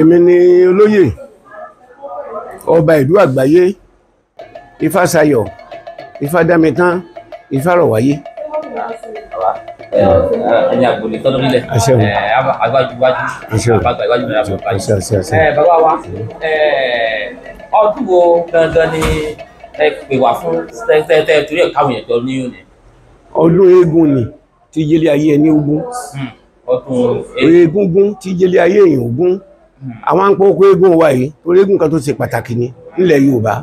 èmi ni olóyè ọba ìlú àgbáyé ifásayọ̀ ifádámitán ifárọ̀wáyé. ẹni àgbòlè tọ́lọ́ nílẹ̀ agbájúwájú agbájúwájú ní àbúrò bàbá wa ọdún wo gangan ni ẹ pè wá fún tẹ́tẹ́ torí ẹ̀ káwọn èèyàn jọ ní òní. ọdún eégún ni tí jẹ́lé ayé ẹni ogún. Hmm, ọdún eégún tí jẹ́lé ayé èèyàn ogún àwọn àpò okó eégún wa yìí torí eégún kan tó ṣe pàtàkì ni nílẹ̀ Yorùbá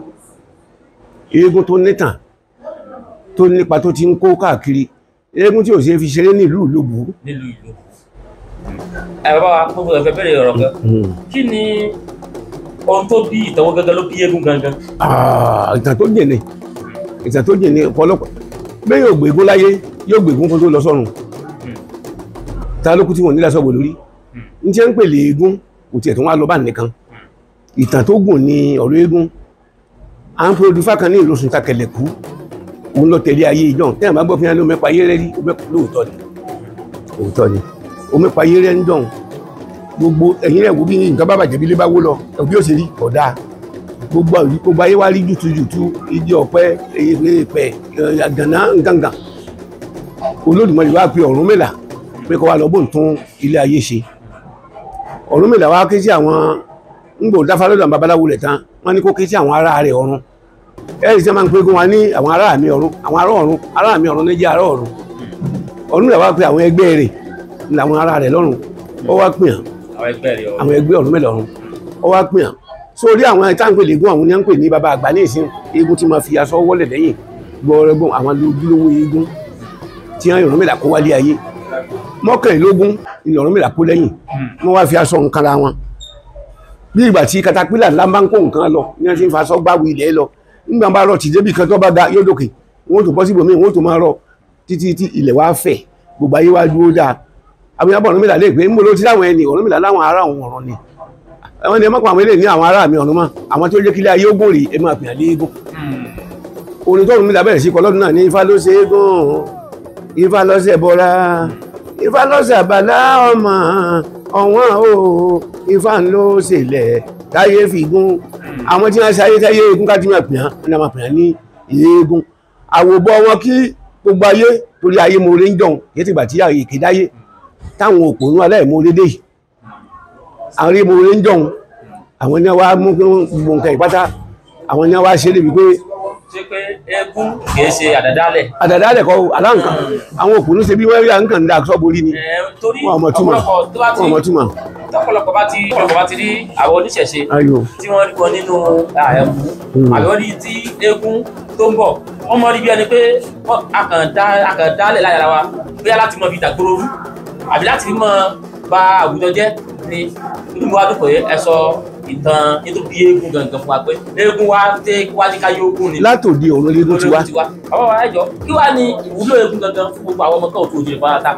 eégún tó nítàn tó nípa tó ti ń kó káàkiri eégún tí ò ṣe fi ṣeré nílùú Ìlóbù. nílùú Ìlóbù ẹ̀rọ akókò ẹ̀fẹ̀ bẹ̀rẹ̀ ọ̀rọ̀ kan hmm. kí ni ohun tó bí ìtàwọ́ gangan ló bí eégún gangan. Ah, ìtàn tó jẹ̀ ni ìtàn tó jẹ̀ ni ọ̀pọ̀lọpọ̀ bẹ́ẹ̀ yóò gbègún láyé yóò gbègún kó tó lọ sọ́run hmm. ta ló kú tí wọ́n nílá sọ́gbọ̀ lórí hmm. ní tí ń pè eégún kò tiẹ̀ tó wá lọ bá nìkan ìtàn tó gùn ní ọ̀rọ̀ eégún à ń pèrò dúfà kan ní ìlú sùn takẹ̀lẹ̀ kú òun lọ tẹ̀lé ayé ìjọ tẹ́yàn bá gbọ́ fi hàn ló mẹ́pa ayé rẹ rí lóòótọ́ ni òótọ́ ni ó mẹ́pa ayé rẹ ń dọ̀hún gbogbo ẹ̀yin rẹ̀ wo bí nǹkan bá bàjẹ́ bí lé bá wó lọ ẹ̀bí ó ṣe rí ọ̀dà gbogbo àwọn gbogbo ayé wa rí jùtùjùtù igi ọ̀pẹ èèpẹ̀ gànà gàngàn Olódùmarè wá pe ọ̀run mẹ́la pé kó wa lọ bóun tún ilé ayé ṣe Ọ̀rúnmìlà wá ké sí àwọn ńgbò dáfálọ́dọ̀ babaláwo lẹ̀ tán wọ́n ní kó ké sí àwọn ará rẹ̀ ọ̀run ẹ̀rì sẹ́ máa ń pégún wa ní àwọn ará mi ọ̀run àwọn ará ọ̀run ará mi ọ̀run ní jẹ́ ará ọ̀run Ọ̀rúnmìlà wá pé àwọn ẹgbẹ́ rẹ̀ làwọn ará rẹ̀ lọ́run ó wá pè hàn àwọn ẹgbẹ́ Ọ̀rúnmìlà ọ̀run ó wá pè hàn sórí àwọn táǹpẹ̀ lẹ́gùn àwọn ní à ń pè ní baba àgbà ní ìsìn eégún tí máa fi aṣọ wọ́lẹ̀ lẹ́yìn gbọ́ọ́rẹ́gbọ́n àwọn lójúlówó eégún tí wọ́n Ọ̀rúnmìlà kó wálé ayé mọ́kànlélógún ìlọ̀rún mìlá kó lẹ́yìn hmm. wọ́n wá fi aṣọ nǹkan ra wọn bí ìgbà tí katapila ńlá ń kó nǹkan lọ ní wọ́n ti ń fa aṣọ lọ nígbà bá rọ tìjẹ́bì kan tó bá da yóò dòkè wọ́n tó bọ́ síbò wọ́n tó máa rọ títí tí ilẹ̀ wá fẹ̀ gbogbo ayé wá dúró dáa àwọn yàgbọ́n lè ti láwọn ẹni Ọ̀rúnmìlà láwọn ará òun ni Ifá lọ́sẹ̀ àbàlá ọmọ ọ̀wọ́n o Ifá ń lọ sílẹ̀ táyé fìgún àwọn tí wọ́n ṣayé táyé eégún ká tí wọ́n pè án ní wọ́n pè án ní eégún àwòbọ̀ wọn kí gbogbo ayé torí ayé mo rí ń jọun yé tìgbà tí ààyè èké dáyé táwọn òpònú aláìmoore dé yìí àwọn rí mo rí ń jọun àwọn ní wàá mú gbogbo nǹkan ìpátá àwọn ní wàá ṣe é débi pé ṣe pé eégún kìí ṣe àdàdálẹ̀. àdàdálẹ̀ kọ́ aláǹkan àwọn òpònú ṣe bí wọ́n yà ń kàn dá sọ́bù orí ni wọ́n mọ̀ túmọ̀ wọ́n mọ̀ túmọ̀. tọ́pọ̀lọpọ̀ bá ti tọ́pọ̀lọpọ̀ bá ti rí àwọn oníṣẹ̀ṣe tí wọ́n rí wọn nínú ẹ̀kú hmm. àbí wọ́n rí tí eégún tó ń bọ̀ wọ́n mọ̀ rí bí ẹni pé àkàndálẹ̀ láyàrá wa bóyá láti mọ ibi ìdàgbòrò àbí láti mọ ba àwùjọ jẹ́ ni inú wa dùn sọ ìtàn nítorí eégún gangan fún wa pé eégún wa tẹ wájú ká yóògùn ni. látòdì ọ̀rọ̀ eégún ti wá. ọwọ́ wa jọ kí wàá ní ìwúlò eégún gangan fún gbogbo àwọn ọmọ kan òtún òjò ìfọwọ́ ta.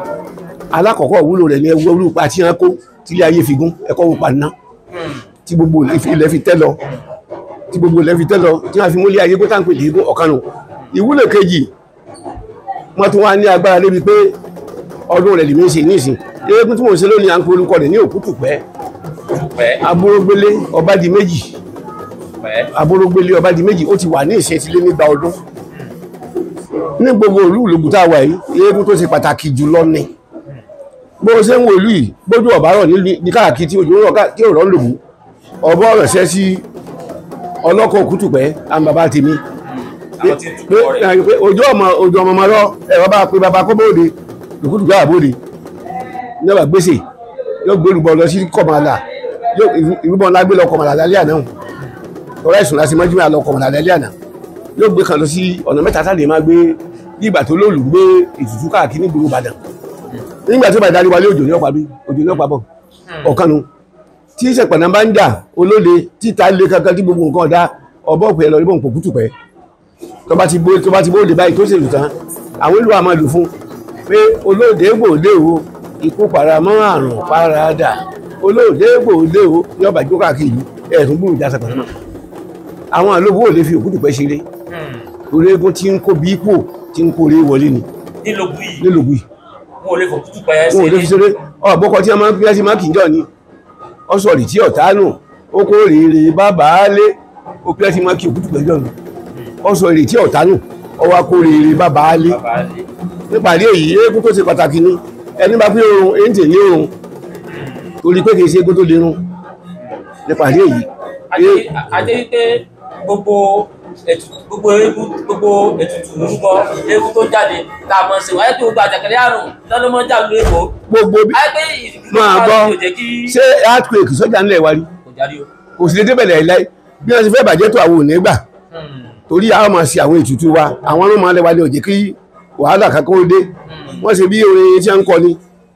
alákọ̀ọ́kọ́ ìwúlò rẹ̀ ni ẹwọ́ olùpa àti ẹranko tílé ayé fi gún ẹ̀kọ́ wò paná tí gbogbo ilẹ̀ fi tẹ́ lọ tí gbogbo ilẹ̀ fi tẹ́ lọ tí wọ́n fi múlé ayé gbọ́tà ń pè lé ọ̀kanù ìwúlò kejì wọ́n tún wá ní agbára débi pé ọdún rẹ̀ lè mí ṣe ní ìsìn eégún tí mò ń ṣe lónìí à ń pe orúkọ rẹ̀ ní òkútùpẹ́ agbórógbélé ọba di méjì agbórógbélé ọba di méjì ó ti wà ní ìṣẹ́tílé nígbà ọdún ní gbogbo ìlú Ológun tá a wà yìí eégún tó ṣe pàtàkì jùlọ ni bó ṣe ń wo ìlú yìí gbójú ọ̀bárọ̀ ní káàkiri tí òjò tí ò rán lògùn ọ̀bọ̀ ọ̀rọ̀ ṣẹ́ sí ọlọ́kọ̀ òkútùpẹ́ àwọn bàbá tèmi ojú ọmọ ojú ọmọ ọmọ rọ ẹ̀rọ bá pe bàbá kó bóde òkútùpẹ́ àbóde ní ọba gbèsè yóò gbé olùgbọ́ lọ sí kọ̀mọ́lá ìrúbọn ńlá gbé lọkọ màlá lálẹ́ àná ọ̀rọ̀ ẹ̀sùn láti mọ́jú mi àlọkọ màlá lálẹ́ àná yóò gbé kan lọ sí ọ̀nà mẹ́ta sáà lè máa gbé bí ìgbà tó lóòlù gbé ìtùtù káàkiri ní gbogbo Ìbàdàn nígbà tó bá darí wálé òjò ní ọ̀pá bí òjò ní ọ̀pá bọ̀ hmm. ọ̀kan nu tí ìṣẹ̀pẹ̀nà bá ń jà olóde títa lé kankan tí gbogbo nǹkan ọ̀dá ọ̀bọ̀ òpè lọ ibò òpòkútù pẹ́ tó bá ti bóde báyìí tó sì lù tán àwọn olùwà máa lù fún pé olóde gbòde o ikú paramọ́ àrùn paradà olóòdé gbòòdé o ní ọba ìjó káàkiri ẹ̀sùn gbòòrò ìjà sàkàtà náà àwọn àlóbù ò lè fi òkú dùpẹ́ ṣeré hmm. orí egun tí ń kó bí ipò tí ń kó orí wọlé ni nílògbù yìí wọn ò lè fòkú dùpẹ́ ṣeré ọ̀bọ̀kọ tí wọ́n fi máa kì í jọ ni ọ̀sọ̀rì tí ọ̀tá nù ó kó rèé bàbá lé òkú ẹ̀ ti máa kì òkú dùpẹ́ jọ ni ọ̀sọ̀rì tí ọ̀tá nù ọwọ́ kó rèé bàbá lé nípàdé èyí eégún tó ṣe pàtàkì ni ẹni bá pé oorun èyí ń tè torí pé kìí ṣe gbogbo dirun nípa àdé yìí. àdé pé gbogbo gbogbo ewu gbogbo ètùtù orúkọ ewu tó jáde tá a mọ̀ sí wáyé tó gba àjàkálẹ̀ àrùn lọ́dún mọ́ jà lórí èkó. gbogbo bí máa gbọ́ ṣé earthquake sọ́jà ńlẹ̀ wá rí kò sí dédé bẹ̀rẹ̀ láì bí wọ́n ti fẹ́ bàjẹ́ tó àwọn ò ní gbà hmm. torí àwọn máa ṣe àwọn ètùtù wa àwọn ọmọ alẹ́ wa ni ò jẹ́ kí wàhálà kankan ó dé hmm. wọ́n ṣe bí orin tí wọ́n ń kọ ni.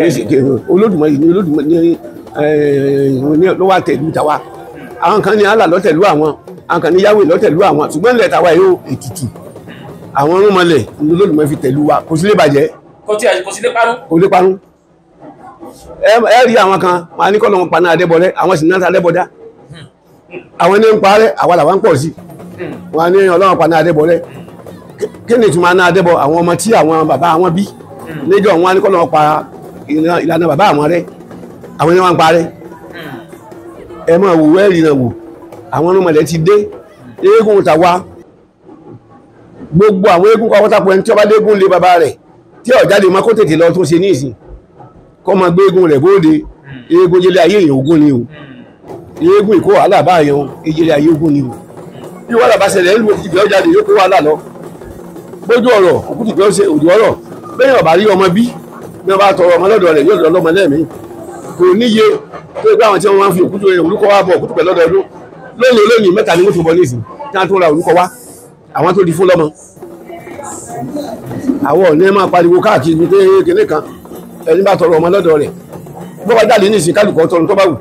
Eh, olódùmarè ní olódùmarè ní eh, ló wà tẹ̀lú tàwa àwọn kan ní Allah ló tẹ̀lú àwọn àwọn kan ní Yahweh ló tẹ̀lú àwọn ṣùgbọ́n ilẹ̀ tàwa yóò ètùtù àwọn ọmọlẹ̀ ní olódùmarè fi tẹ̀lú wa kò sí lè bàjẹ́ kò sí lè parun kò lè parun ẹ rí àwọn kan wọn á ní kọ́ lọ́wọ́ paná adébọlẹ́ àwọn sì náà ta adébọdá àwọn ní ń parẹ́ àwa làwa ń pọ̀ sí wọn á ní ọlọ́wọ́ paná adébọlẹ́ kí ni ìtumọ̀ náà adébọ àwọn ọmọ tí àwọn bàbá àwọn bí hmm. níjọ wọn á ní kọ́ lọ́wọ́ pa ìlànà bàbá àwọn rẹ àwọn ẹni wọn ń parẹ́ ẹ máa wò wẹ́ẹ̀rì náà wò àwọn ọmọlẹ̀ ti dé eégún ta wá gbogbo àwọn eégún kọ́ wọ́tàpọ̀ ẹni tí ó bá dégún lé bàbá rẹ̀ tí ó jáde mọ́ kó tètè lọ tún ṣe ní ìsìn kọ́ mọ gbé eégún rẹ̀ bóde eégún jẹ́lé ayé èèyàn ogún ni o eégún ìkó wàhálà bá yẹn ejẹ́lé ayé ogún ni o bí wàhálà bá ṣẹlẹ̀ ń lu òkú jáde yóò kó wàhálà lọ gbójú ọ̀rọ̀ òkú ìgbẹ́ òdì ọ̀rọ̀ bẹ́ẹ̀ ọ̀bà rí ọmọ bí bí wọ́n bá tọrọ ọmọ lọ́dọ̀ rẹ̀ yóò lọ lọ́mọ lẹ́mìí kò níye tó gbé àwọn tí wọ́n máa ń fi òkútu rẹ̀ olùkọ́ wa bọ̀ òkútu pẹ̀ lọ́dọọdún lónìí lónìí mẹ́ta ni wọ́n fi bọ̀ ní ìsìn tí wọ́n tún ra olùkọ́ wa àwọn tó di fún lọ́mọ. àwọn ọ̀nà ẹ̀ máa pariwo káàkiri pé kékeré kan ẹni bá tọrọ ọmọ lọ́dọ̀ rẹ̀ bó bá jáde ní ìsìn kálukọ́ tọrọ tó bá wù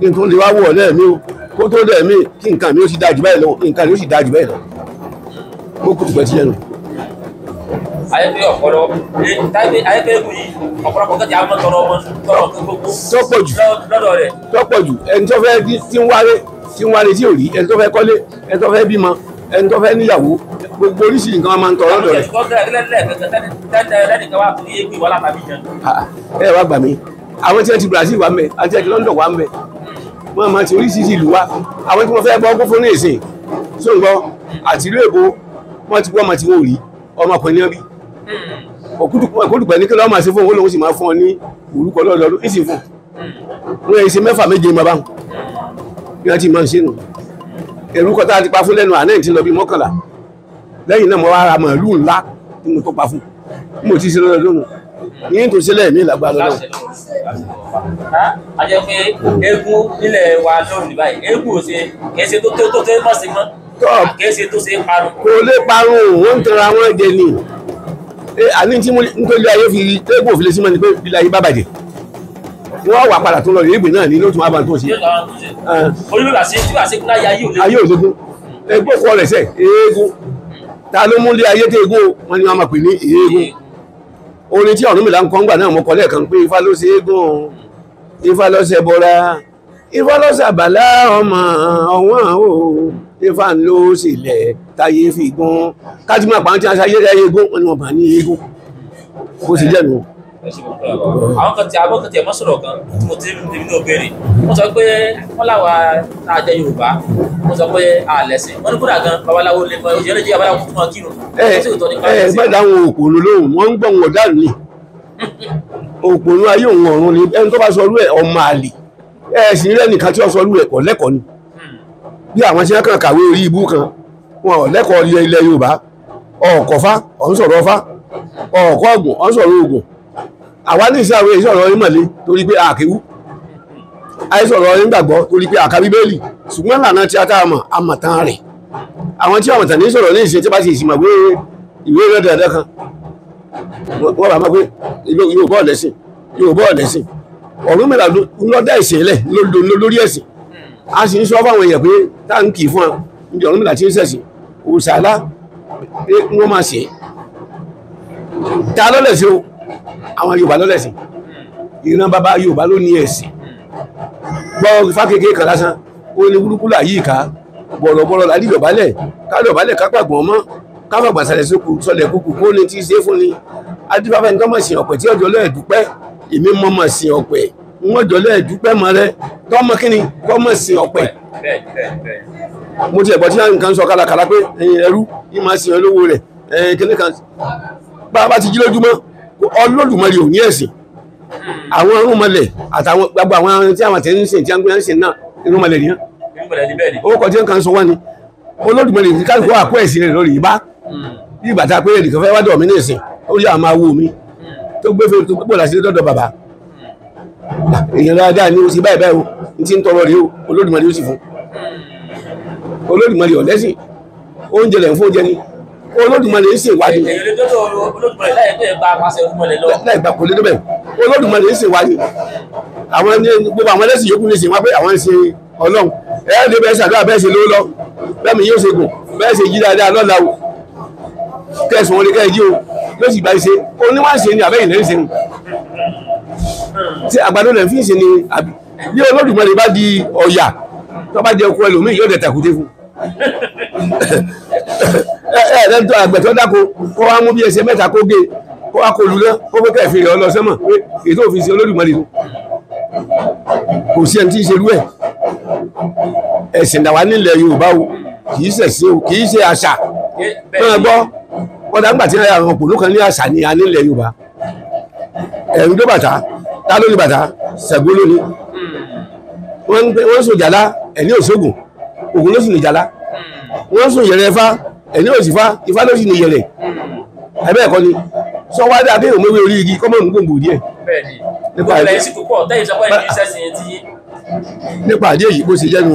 kí n tún lè wá wọ̀ lẹ́ẹ̀mí o kó tó lẹ́ẹ̀mí kí ayẹpẹ ọpọlọ ayẹpẹ egun yìí ọ̀pọ̀lọpọ̀ kẹtì àwọn tọrọ ọmọ tọrọ gbogbo lọ́dọ̀ rẹ̀. tọ́pọ̀ jù ẹni tó fẹ́ tí ń wálé tí ń wálé tí ò rí ẹni tó fẹ́ kọ́lé ẹni tó fẹ́ bímọ ẹni tó fẹ́ níyàwó gbogbo oríṣi nǹkan máa ń tọrọ lọ́dọ̀ rẹ̀. ẹ wá gbà mí àwọn tí wọn ti Brazil wà mẹ àti ẹkẹ London wà mẹ wọn máa ti oríṣiríṣi ìlú wa àwọn tí wọn fẹ́ gbọ́ gbófó ní èsìn sóńgbọ àtìlú èbó wọn ti gbọ́ ọmọ tí wọn ò rí ọmọkùnrin náà bí Ah. òkúdùpẹ̀ ní kí lọ́ọ́ máa ṣe fún olóhùn sì máa fún ọ ní orúkọ lọ́dọọdún ìsìn fún wọn èyí ṣe mẹ́fà méje bàbá bí wọ́n ti máa ṣe nù èrúkọ tá ti pa fún lẹ́nu àná ìtì lọ bí mọ́kànlá lẹ́yìn náà mo wá ra màálù ńlá tí mo tó pa fún mo ti ṣe lọ́dọọdún nù yín tó sílẹ̀ mí lágbára náà. a jẹ́ pé eégún nílẹ̀ wa lónìí báyìí eégún ò ṣe kìí ṣe tó tó tó mọ̀ sí mọ́ kìí ṣe tó ṣe parun. kò lè parun òun ń tẹra wọn jẹ ni àní eh, tí mo ń pè lé ayé fi tẹ́gbọ̀n òfin lè sí mọ́ ni pé ilé ayé bá bàjẹ́ wọ́n wà padà tó lọ ìrìbì náà ní ló tún wá bá tó ṣe. Ah. olùbẹ̀bà sí tí wàá ṣe kúrò ayé òde. ayé òde kún ẹgbẹ́ òkú ọ̀rẹ́ sẹ̀ eégún ta ló mú lé ayé tó eégún wọn ni wọn máa pè ní eégún orin tí ọ̀run mi là ń kọ́ ńgbà náà mo kọ́ lẹ́ẹ̀kan pé ifá ló ṣe eégún ifá ló ṣe bọ́ra ifá ló ṣàbàlá ọmọ ọ̀wọ́n o ifá ń ló sílẹ̀ táyé fi gún kájúmọ̀ àpáńtí aṣọ ayérayé gún wọn ni wọn bá ní eégún bó ti jẹ́ nu àwọn kan ti àwọn kan ti ẹ̀mọ́ sọ̀rọ̀ kan tí mo ti ní ní òbèrè wọ́n sọ pé wọ́n láwa tá a jẹ Yorùbá wọ́n sọ pé a lẹ́sìn wọ́n ní kódà gan babaláwo lè fọ́ ìyẹn lè jẹ́ babaláwo tó máa kírun. ẹ ẹ gbọ́dọ̀ àwọn òpònú lóhùn wọ́n ń gbọ̀n wọ̀dà ní òpònú ayé òun ọ̀run ni ẹni tó bá sọ ọlú ẹ̀ ọmọ àlè ẹ̀ sì rẹ́ nìkan tí wọ́n sọ ọlú ẹ̀ kọ́ lẹ́kọ̀ọ́ ni bí àwọn tí wọ́n kàn kàwé orí ibú kan wọn ò lẹ́kọ̀ọ́ ilẹ̀ Yorùbá ọ̀kọ̀fá ọ̀hún sọ̀rọ̀ ọ̀fá ọ̀kọ̀ ọ̀gùn ọ̀hún sọ̀rọ̀ ògùn àwa ní ìṣe àwọn ìṣọ̀rọ̀ ìmọ̀lé torí pé àkéwú àìsọ̀rọ̀ ìgbàgbọ́ torí pé àka bíbélì ṣùgbọ́n lànà tí a tá a mọ̀ a mọ̀ tán rẹ̀ àwọn tí àwọn tàní sọ̀rọ̀ ní ìṣe tí bá ti ìsìnmọ̀ pé ìwé rẹ̀ dáadáa kan wọ́n bá máa pé yóò bọ́ọ̀ lẹ́sìn yóò bọ́ọ̀ lẹ́sìn ọ̀rún mẹ́ta lọ́dá ìṣẹ̀lẹ̀ lórí ẹ̀sìn a sì ń sọ fáwọn èèyàn pé táǹkì fún ọ níbi ọ̀rọ̀ mìíràn tí ń sẹ̀sìn òṣàlá pé wọ́n máa ṣe ta lọ́lẹ̀ sí o àwọn Yorùbá lọ́lẹ̀ sí ìran bàbá Yorùbá ló ní ẹ̀sìn gbọ́ fákèké kan lásán ó ní kúrúkúrú àyíká bọ̀rọ̀bọ̀rọ̀ làdí ìdọ̀bálẹ̀ kálọ̀bálẹ̀ kápàgbọ̀n mọ́ káfàgbàsàlẹ̀ sókù sọlẹ̀ kúkú kó ní tí ṣe fún ni adúbáfà ní tọ́mọ̀ sìn ọ̀pẹ̀ tí ọjọ́ lọ́ẹ̀dúpẹ́ èmi mọ́mọ̀ sìn ọ̀pẹ̀ wọ́n jọ lọ́ẹ̀dúpẹ́ mọ́ rẹ́ gọ́mọ kí ni gọ́mọ sí ọ̀pẹ mo ti ẹ̀gbọ́n tí náà nǹkan sọ kálakàlà pé ẹrú yìí máa sìn olówó rẹ̀ kíní kan bá a bá ti jí lójúmọ́ Olódùmarè ò ní ẹ̀sìn àwọn irúnmọlẹ̀ àtàwọn gbogbo àwọn tí àwọn tí ń sìn tí wọ́n ń sìn náà irúnmọlẹ̀ nìyẹn ó kọjú nǹkan sọ wá ni Olódùmarè kí kálukú àpò ẹ̀sìn rẹ̀ lórí ìbá bí ìbàtà pé ẹnìkan fẹ́ wá dọ̀ mí ní ìsìn ó yà máa wò mí tó gbé fèrè tó gbọ́dọ̀ sí dọ́dọ̀ bàbá èèyàn dáadáa ni o ṣe báyìí báyìí o n ti ń tọrọ rèé o Olódùmarè ó sì fún Olódùmarè ọ̀lẹ́sìn oúnjẹ lẹ̀ ń fún oúnjẹ ni Olódùmarè ń ṣe ìwádìí. èyí ló tó Olódùmarè láì tó ẹgbàá pàṣẹ Olódùmarè lọ. láì gbà kò lé débẹ̀ Olódùmarè ń ṣe ìwádìí àwọn ẹni gbogbo àwọn ẹlẹ́sìn yòókù lè ṣe wọn pé àwọn ń ṣe Ọlọ́run ẹ̀yà ni bẹ́ẹ̀ ṣàdúrà bẹ́ẹ̀ ṣe ló lọ bẹ́ẹ̀ mi yóò ṣe gùn bẹ́ẹ̀ ṣe yí dáadáa o kẹsàn-án ni kẹ́ ẹ o ló sì gbà ṣe oníwàṣe ni àbẹ́yìn tí àgbàdo lẹ̀ fi ń ṣe ni àbí ní Olódùmarè bá di ọ̀yà tó bá di ọkọ ẹlòmíì yóò dẹ̀ tàkúté fún ẹ ẹ lẹ́ntọ́ àgbẹ̀ tó dáko kó wá mú bí ẹsẹ̀ mẹ́ta kó gé kó wá kó lulẹ̀ kó fẹ́ kẹ́ fi rẹ̀ ọ lọ sẹ́mọ̀ pé ètò òfin ṣe Olódùmarè tó kò sí ẹni tí ń ṣerú ẹ̀ ẹ̀sìn dàwa nílẹ̀ Yorùbá o kì í ṣẹ̀ṣẹ̀ o kì í ṣe àṣà náà gbọ́ wọ́n dàgbà tí àwọn òpònú kan ní àṣà ní anílẹ̀ Yorùbá ẹ̀rù dó bàtà ta ló ní bàtà Ṣàngó ló ní hmm. wọ́n sùn jàlá ẹni òṣogùn Ògún ló sì ní jàlá hmm. wọ́n sùn yẹ̀rẹ̀ Ifá ẹni òsì fa Ifá ló sì ní yẹ̀rẹ̀ ẹ̀bẹ́ hmm. ẹ̀kọ́ ni sọ wá dáa kéèyàn mọ́wé orí igi kọ́mọ̀ ní gbòǹgbò díẹ̀ nípa àdé nípa àdé yìí bó ṣe jẹ́nu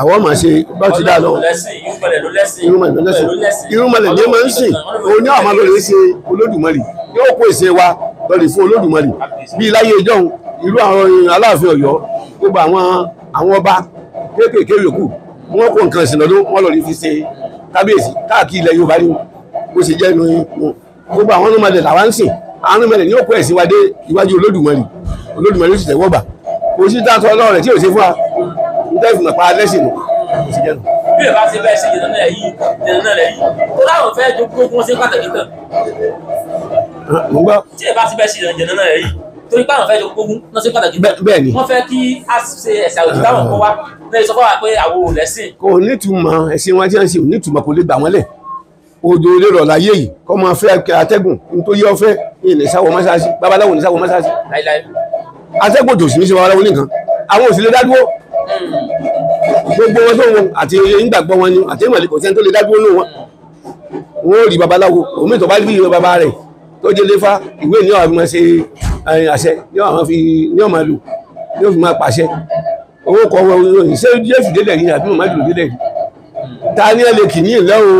àwọn ọmọ ṣe bá ti dáa lọ irúnmọlẹ̀ ní ẹ máa ń sìn òun ní àwọn ọmọ lórí ṣe Olódùmarè yóò kó ìṣe wa lọ́lẹ̀ fún olódùmarè bíi láyé ìjọ́un irú àwọn aláàfin ọ̀yọ́ gbogbo àwọn àwọn ọba kéékèèké yòókù wọn kó nǹkan ìsìn lọ́dún wọn lọ rí fi ṣe kábíyèsí káàkiri ilẹ̀ yorùbá ni bó ṣe jẹ́ inú wọn gbogbo àwọn ọmọdé làwa ń sìn àwọn ọmọdé ni ó kó ẹ̀sìn wa dé iwájú olódùmarè olódùmarè ó sì tẹ̀wọ́ bà kò sí dáa tọ́ ọlọ́run rẹ̀ tí ò ṣe fún wa ń tẹ́ ìfìmọ̀ pa lẹ́sìn nù kò sí jẹ́ nù bí ẹ bá ti bẹ́ẹ̀ ṣe ìdènà náà yìí ìdènà náà rẹ̀ yìí tó láwọn fẹ́ jogún sí pàtàkì náà mo gbọ́. tí ẹ bá ti bẹ́ẹ̀ ṣe ìrìnàjò náà rí torí pé àwọn fẹ́ jogún ogún náà ṣe pàtàkì bẹ́ẹ̀ ni wọ́n fẹ́ kí a ṣe ẹ̀sà òjì táwọn kọ́ wa náà sọ fọ́wà pé àwọn ò lẹ́sìn. kò nítumọ̀ ẹ̀sìn wọn tí wọ́n ṣe ò nítumọ̀ kò lè gbà wọ́n lẹ̀ odò lè rọ̀ láyé yìí kọ́ máa fẹ́ atẹ́gùn ní tó yẹ ọ fẹ́ ní ìsáwọ̀ mọ́ṣáláṣí babaláwo ní ìsáwọ̀ mọ́ṣáláṣí atẹ́gùn tòsí ní í ṣe babaláwo nìkan àwọn òsì lè dádúró gbogbo wọn tó wọn àti ìgbàgbọ́ wọn ni àti ìmọ̀lẹ́kọ̀ọ́sẹ́ tó lè dádúró lóun wọn ò rí babaláwo òmìnira tó bá rí baba rẹ̀ tó délé fá ìwé ní ọmọ ṣe eh, àṣẹ ní ọmọ fi ní ọmọ lò ní òfin máa pàṣẹ owó kọ wọ ìròyìn ṣé jésù délẹ̀ yìí àbí màmá jùlọ délẹ̀ yìí ta ni ẹ lè kì ní ìlẹ́ o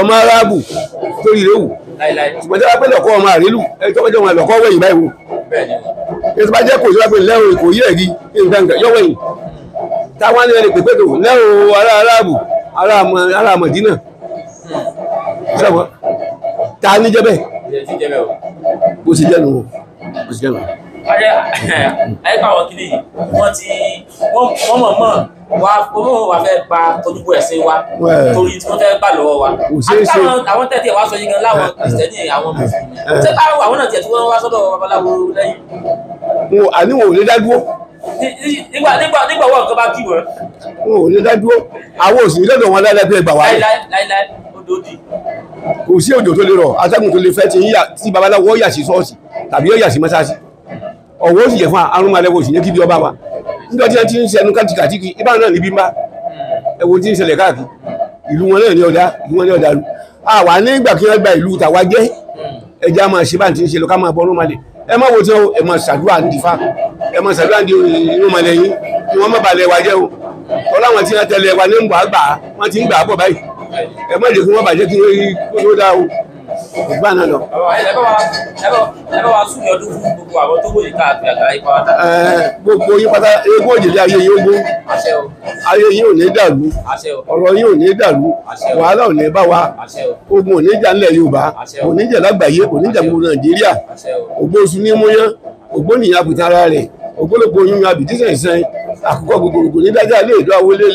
ọmọ aráàbù tó ilé wù ṣùgbọ́n tí wọ́n pẹ́ lọ́kọ́ ọmọ àrélù ẹjọ́ pẹ́jọ́ wọn lọ́kọ́ wẹ̀yìn báyìí wò ètò bá jẹ́ kò sí wá pé lẹ́wọ̀ èkó yí ẹ̀rí nǹkan yọ wẹ̀yìn táwọn ẹni pèpè tó lẹ́wọ̀ ará aráàbù ará àmọ̀dínà ta ni jẹ́ bẹ́ẹ̀ bó ṣe jẹ́ nù o bó ṣe jẹ́ nù o ààrẹ àyíká àwọn kìíní yìí wọ́n ti wọ́n mọ̀ mọ̀ wá owó wa fẹ́ ba tójúbọ ẹ̀sìn wa torí tí wọ́n fẹ́ gbà lọ́wọ́ wa àwọn tẹ̀tí ẹ̀ sọ yín gan láwọn kìrìsìtẹ́nì àwọn mùsùlùmí eh. ṣé káwọn àwọn náà tiẹ̀ wọ́n wá sọ́dọ̀ babaláwo lẹ́yìn nígbà nígbà nígbà wọ́n kan bá kí wọ́n. o ò ní dádúró àwọn òsì nílẹ̀ wọn láìláì bí ẹgbà wá. láìláì odò di. kò sí òjò tó lè rọ̀ atẹ́gùn tó lè fẹ́ ti yíyà tí babaláwo yà sí ṣọ́ọ̀ṣì tàbí yà sí mọ́sáàsì ọ̀wọ́ òsì jẹ̀ fún arúnmalẹ́wọ̀ òsì ní kí bí ọba wa nígbà tí wọ́n ti ń ṣẹnu kàtìkàtìkì ibà náà níbi má ẹ̀wọ̀n ti ń ṣẹlẹ̀ káàkiri ìlú wọn náà ní ọ̀dá ìlú wọn ní ọ̀dá lu àwa nígbà kí wọ́n gba ìlú tàwa jẹ́ ẹja máa ṣe bá ti ń ṣe lọ ká máa bọ́ ọlọ́mọdé ẹ má wo tí wọn ẹ má ṣàdúrà ń dìfà ẹ má ṣàdúrà ń di inú mọ̀lẹ́ yín kí wọ́n má balẹ̀ wa jẹ́ o ọlọ́wọ́n tí wọ́n tẹ̀lé wa ní ń bọ̀ àgbà wọ́n ti ń gbà á bọ̀ báyìí ẹ má jẹ́ kí wọ́n bàjẹ́ kí wọ́n dá o ìgbà náà lọ. gbogbo yín pátá eégún òjèlé ayé yín ogún ayé yín ò ní dàlú ọ̀rọ̀ yín ò ní dàlú wàhálà ò ní bá wa ogun ò ní jà nílẹ̀ Yorùbá ò ní jà lágbàáyé ò ní jà gbogbo Nàìjíríà ògbóṣù ní múyán ògbónìyàn àpìtàn ara rẹ̀ ògbólógbò oyún mi àbìtí sẹ̀nsẹ̀n àkókò gbogbogbò nídájà lè dọ́ àwọn olè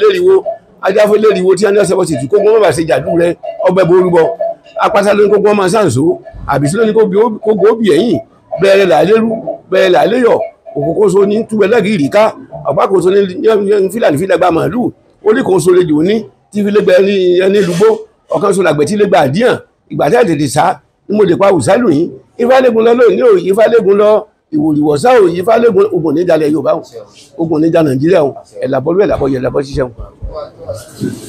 ajáfẹ́ lériwo tí a ní ọ̀sẹ̀ bọ́sẹ̀ tí kó gbọ́n bàbà jàdú rẹ ọgbẹ́ borúbọ apáta ló ní kó gbọ́n máa ṣàǹṣó àbísí ló ní kó gbòóbì ẹ̀yìn bẹ́ẹ̀rẹ̀ làálérú bẹ́ẹ̀rẹ̀ làáléyọ̀ òkòkòso ní túbẹ̀ lẹ́gìrì ká ọ̀pákòso ní fílàní fílàgbà màálù oríkòso lè jò ní tí fi lẹ́gbẹ̀ẹ́ ní ẹni lùgbó ọ̀kan so làgbẹ̀ tí lẹ́gbẹ̀ẹ́ àdíyàn ìgbà tí àtẹ̀tẹ̀ sá ni mo lè pa òsálù yín ifálégun lọ lónìí ò ifálégun lọ ìwòlìwọ̀sá ò ifálégun ogun níjà lẹ Yorùbá ogun níjà Nàìjíríà ẹ̀ làbọ́ lú ẹ̀ làbọ́ yẹ làbọ́ ṣiṣẹ́